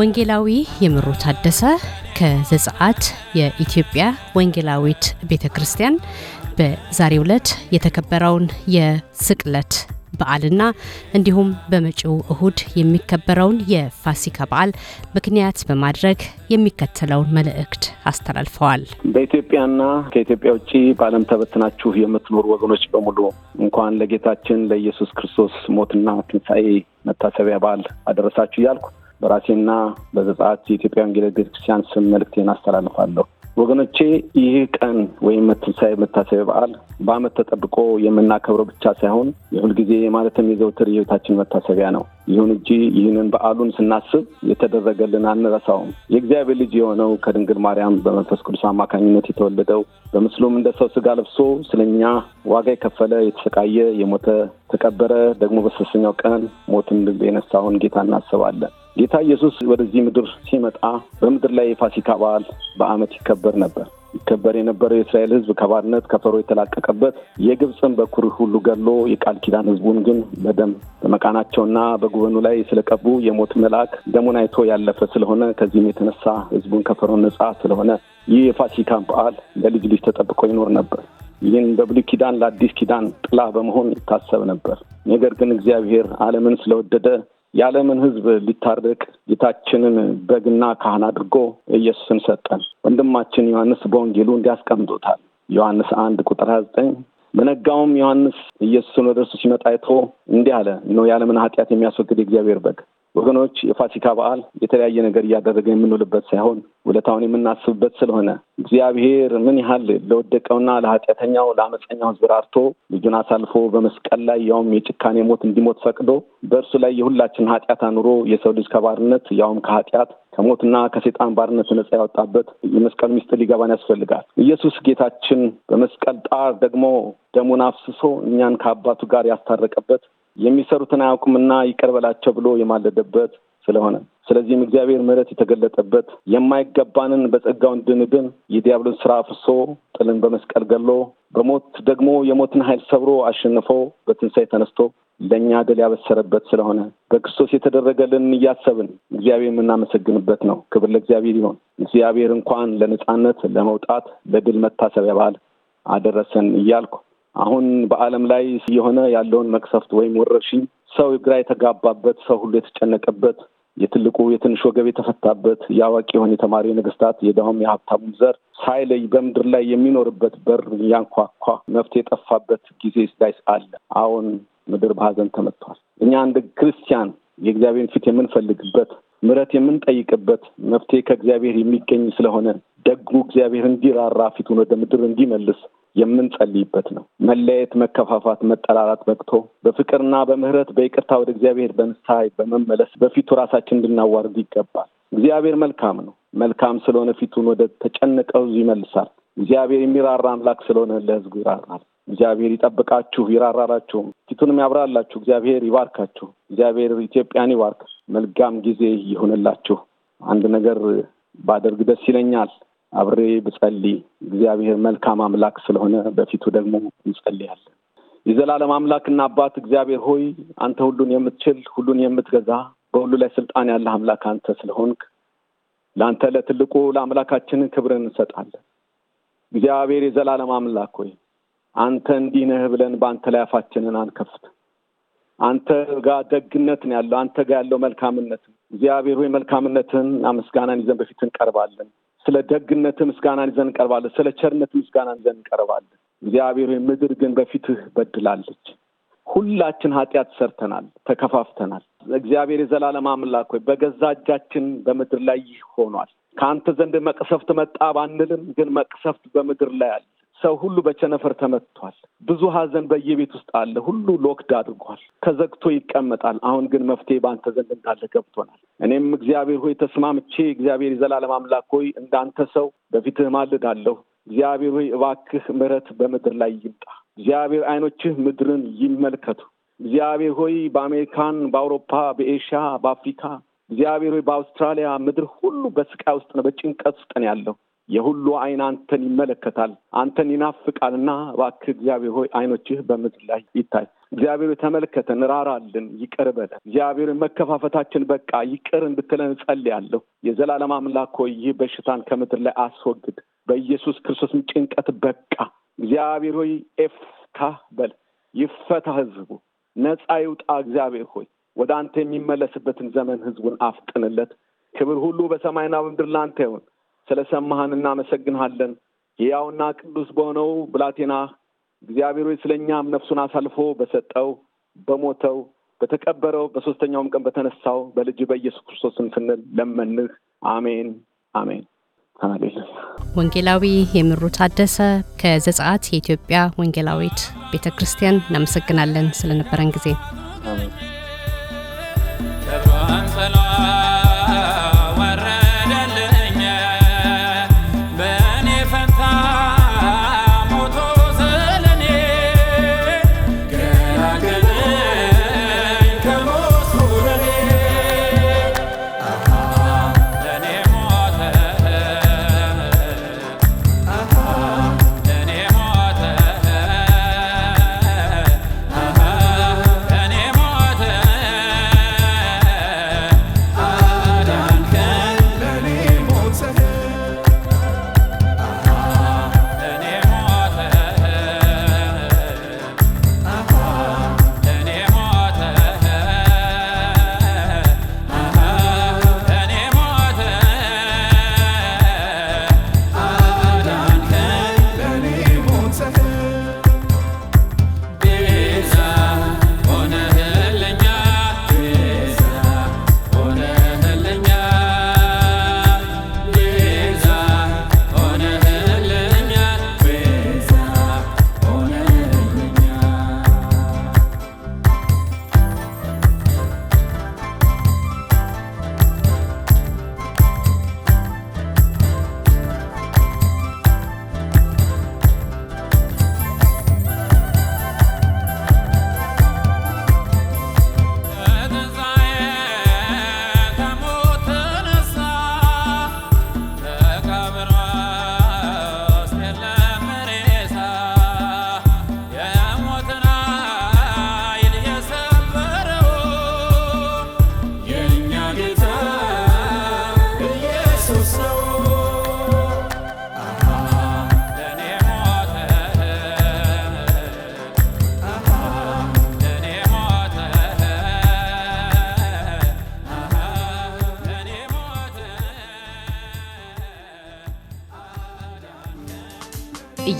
ወንጌላዊ የምሩ ታደሰ ከዘጸአት የኢትዮጵያ ወንጌላዊት ቤተ ክርስቲያን በዛሬው ዕለት የተከበረውን የስቅለት በዓልና እንዲሁም በመጪው እሁድ የሚከበረውን የፋሲካ በዓል ምክንያት በማድረግ የሚከተለውን መልእክት አስተላልፈዋል። በኢትዮጵያና ከኢትዮጵያ ውጭ በዓለም ተበትናችሁ የምትኖሩ ወገኖች በሙሉ እንኳን ለጌታችን ለኢየሱስ ክርስቶስ ሞትና ትንሣኤ መታሰቢያ በዓል አደረሳችሁ እያልኩ በራሴና በዘጸአት የኢትዮጵያ ወንጌላዊት ቤተክርስቲያን ስም መልእክቴን አስተላልፋለሁ። ወገኖቼ ይህ ቀን ወይም ትንሳኤ መታሰቢያ በዓል በዓመት ተጠብቆ የምናከብረው ብቻ ሳይሆን የሁልጊዜ ማለትም የዘውትር የህይወታችን መታሰቢያ ነው። ይሁን እንጂ ይህንን በዓሉን ስናስብ የተደረገልን አንረሳውም። የእግዚአብሔር ልጅ የሆነው ከድንግል ማርያም በመንፈስ ቅዱስ አማካኝነት የተወለደው በምስሉም እንደ ሰው ስጋ ለብሶ ስለኛ ዋጋ የከፈለ የተሰቃየ፣ የሞተ፣ ተቀበረ ደግሞ በሶስተኛው ቀን ሞትን ድል የነሳውን ጌታ እናስባለን። ጌታ ኢየሱስ ወደዚህ ምድር ሲመጣ በምድር ላይ የፋሲካ በዓል በዓመት ይከበር ነበር። ይከበር የነበረው የእስራኤል ሕዝብ ከባርነት ከፈሮ የተላቀቀበት የግብፅን በኩር ሁሉ ገሎ የቃል ኪዳን ሕዝቡን ግን በደም በመቃናቸውና በጉበኑ ላይ ስለቀቡ የሞት መልአክ ደሙን አይቶ ያለፈ ስለሆነ ከዚህም የተነሳ ሕዝቡን ከፈሮ ነጻ ስለሆነ ይህ የፋሲካ በዓል ለልጅ ልጅ ተጠብቆ ይኖር ነበር። ይህን በብሉይ ኪዳን ለአዲስ ኪዳን ጥላ በመሆን ይታሰብ ነበር። ነገር ግን እግዚአብሔር ዓለምን ስለወደደ የዓለምን ሕዝብ ሊታረቅ ጌታችንን በግና ካህን አድርጎ ኢየሱስን ሰጠን። ወንድማችን ዮሐንስ በወንጌሉ እንዲያስቀምጦታል ዮሐንስ አንድ ቁጥር ሀያ ዘጠኝ በነጋውም ዮሐንስ ኢየሱስን ወደ እርሱ ሲመጣ አይቶ እንዲህ አለ፣ እነሆ የዓለምን ኃጢአት የሚያስወግድ የእግዚአብሔር በግ ወገኖች የፋሲካ በዓል የተለያየ ነገር እያደረገ የምንውልበት ሳይሆን ውለታውን የምናስብበት ስለሆነ እግዚአብሔር ምን ያህል ለወደቀውና ለኃጢአተኛው ለአመፀኛው ሕዝብ ራርቶ ልጁን አሳልፎ በመስቀል ላይ ያውም የጭካኔ ሞት እንዲሞት ፈቅዶ በእርሱ ላይ የሁላችን ኃጢአት አኑሮ የሰው ልጅ ከባርነት ያውም ከኃጢአት ከሞትና ከሴጣን ባርነት ነጻ ያወጣበት የመስቀል ሚስጥር ሊገባን ያስፈልጋል። ኢየሱስ ጌታችን በመስቀል ጣር ደግሞ ደሙን አፍስሶ እኛን ከአባቱ ጋር ያስታረቀበት የሚሰሩትን አያውቁምና ይቀርበላቸው ብሎ የማለደበት ስለሆነ ስለዚህም እግዚአብሔር ምሕረት የተገለጠበት የማይገባንን በጸጋው እንድንድን የዲያብሎን ስራ አፍርሶ ጥልን በመስቀል ገሎ በሞት ደግሞ የሞትን ኃይል ሰብሮ አሸንፎ በትንሣኤ ተነስቶ ለእኛ ድል ያበሰረበት ስለሆነ በክርስቶስ የተደረገልን እያሰብን እግዚአብሔር የምናመሰግንበት ነው። ክብር ለእግዚአብሔር ይሆን። እግዚአብሔር እንኳን ለነፃነት ለመውጣት ለድል መታሰቢያ በዓል አደረሰን እያልኩ አሁን በዓለም ላይ የሆነ ያለውን መቅሰፍት ወይም ወረርሽኝ ሰው ግራ የተጋባበት፣ ሰው ሁሉ የተጨነቀበት፣ የትልቁ የትንሽ ወገብ የተፈታበት፣ የአዋቂ የሆነ የተማሪ ነገስታት፣ የድሃውም የሀብታሙም ዘር ሳይለይ በምድር ላይ የሚኖርበት በር እያንኳኳ መፍትሄ የጠፋበት ጊዜ ላይ አለ። አሁን ምድር በሀዘን ተመቷል። እኛ አንድ ክርስቲያን የእግዚአብሔርን ፊት የምንፈልግበት ምረት የምንጠይቅበት መፍትሄ ከእግዚአብሔር የሚገኝ ስለሆነ ደግሞ እግዚአብሔር እንዲራራ ፊቱን ወደ ምድር እንዲመልስ የምንጸልይበት ነው። መለየት፣ መከፋፋት፣ መጠራራት በቅቶ በፍቅርና በምህረት በይቅርታ ወደ እግዚአብሔር በንስሐ በመመለስ በፊቱ ራሳችን እንድናዋርድ ይገባል። እግዚአብሔር መልካም ነው። መልካም ስለሆነ ፊቱን ወደ ተጨነቀው ይመልሳል። እግዚአብሔር የሚራራ አምላክ ስለሆነ ለሕዝቡ ይራራል። እግዚአብሔር ይጠብቃችሁ፣ ይራራላችሁም፣ ፊቱንም ያብራላችሁ። እግዚአብሔር ይባርካችሁ። እግዚአብሔር ኢትዮጵያን ይባርክ። መልካም ጊዜ ይሁንላችሁ። አንድ ነገር ባደርግ ደስ ይለኛል። አብሬ ብጸልይ እግዚአብሔር መልካም አምላክ ስለሆነ በፊቱ ደግሞ እንጸልያለን። የዘላለም አምላክና አባት እግዚአብሔር ሆይ አንተ ሁሉን የምትችል ሁሉን የምትገዛ በሁሉ ላይ ስልጣን ያለህ አምላክ አንተ ስለሆንክ ለአንተ ለትልቁ ለአምላካችን ክብርን እንሰጣለን። እግዚአብሔር የዘላለም አምላክ ሆይ አንተ እንዲህ ነህ ብለን በአንተ ላይ አፋችንን አንከፍት። አንተ ጋር ደግነት ነው ያለው፣ አንተ ጋር ያለው መልካምነት እግዚአብሔር ሆይ መልካምነትን አመስጋናን ይዘን በፊት እንቀርባለን። ስለ ደግነት ምስጋና ይዘን እንቀርባለን። ስለ ቸርነት ምስጋና ይዘን እንቀርባለን። እግዚአብሔር ምድር ግን በፊትህ በድላለች። ሁላችን ኃጢአት ሰርተናል፣ ተከፋፍተናል። እግዚአብሔር የዘላለም አምላክ ሆይ በገዛ እጃችን በምድር ላይ ይህ ሆኗል። ከአንተ ዘንድ መቅሰፍት መጣ ባንልም ግን መቅሰፍት በምድር ላይ አለ። ሰው ሁሉ በቸነፈር ተመትቷል። ብዙ ሀዘን በየቤት ውስጥ አለ። ሁሉ ሎክድ አድርጓል፣ ተዘግቶ ይቀመጣል። አሁን ግን መፍትሄ በአንተ ዘንድ እንዳለ ገብቶናል። እኔም እግዚአብሔር ሆይ ተስማምቼ እግዚአብሔር የዘላለም አምላክ ሆይ እንዳንተ ሰው በፊትህ ማልዳለሁ። እግዚአብሔር ሆይ እባክህ ምሕረት በምድር ላይ ይምጣ። እግዚአብሔር አይኖችህ ምድርን ይመልከቱ። እግዚአብሔር ሆይ በአሜሪካን፣ በአውሮፓ፣ በኤሽያ፣ በአፍሪካ እግዚአብሔር ሆይ በአውስትራሊያ ምድር ሁሉ በስቃይ ውስጥ ነው፣ በጭንቀት ውስጥ ነው ያለው። የሁሉ አይን አንተን ይመለከታል፣ አንተን ይናፍቃልና እባክህ እግዚአብሔር ሆይ አይኖችህ በምድር ላይ ይታይ። እግዚአብሔር ተመልከተን፣ ራራልን፣ ይቅር በለን። እግዚአብሔር መከፋፈታችን በቃ ይቅር እንድትለን እጸልያለሁ። የዘላለም አምላክ ሆይ ይህ በሽታን ከምድር ላይ አስወግድ። በኢየሱስ ክርስቶስም ጭንቀት በቃ እግዚአብሔር ሆይ ኤፍታ በል ይፈታ፣ ህዝቡ ነፃ ይውጣ። እግዚአብሔር ሆይ ወደ አንተ የሚመለስበትን ዘመን ህዝቡን አፍጥንለት። ክብር ሁሉ በሰማይና በምድር ለአንተ ይሆን ስለሰማህን እናመሰግንሃለን። ሕያውና ቅዱስ በሆነው ብላቴና እግዚአብሔር ስለ እኛም ነፍሱን አሳልፎ በሰጠው በሞተው በተቀበረው በሶስተኛውም ቀን በተነሳው በልጅ በኢየሱስ ክርስቶስን ስንል ለመንህ። አሜን አሜን። ወንጌላዊ የምሩ ታደሰ ከዘጸአት የኢትዮጵያ ወንጌላዊት ቤተ ክርስቲያን እናመሰግናለን ስለነበረን ጊዜ። አሜን።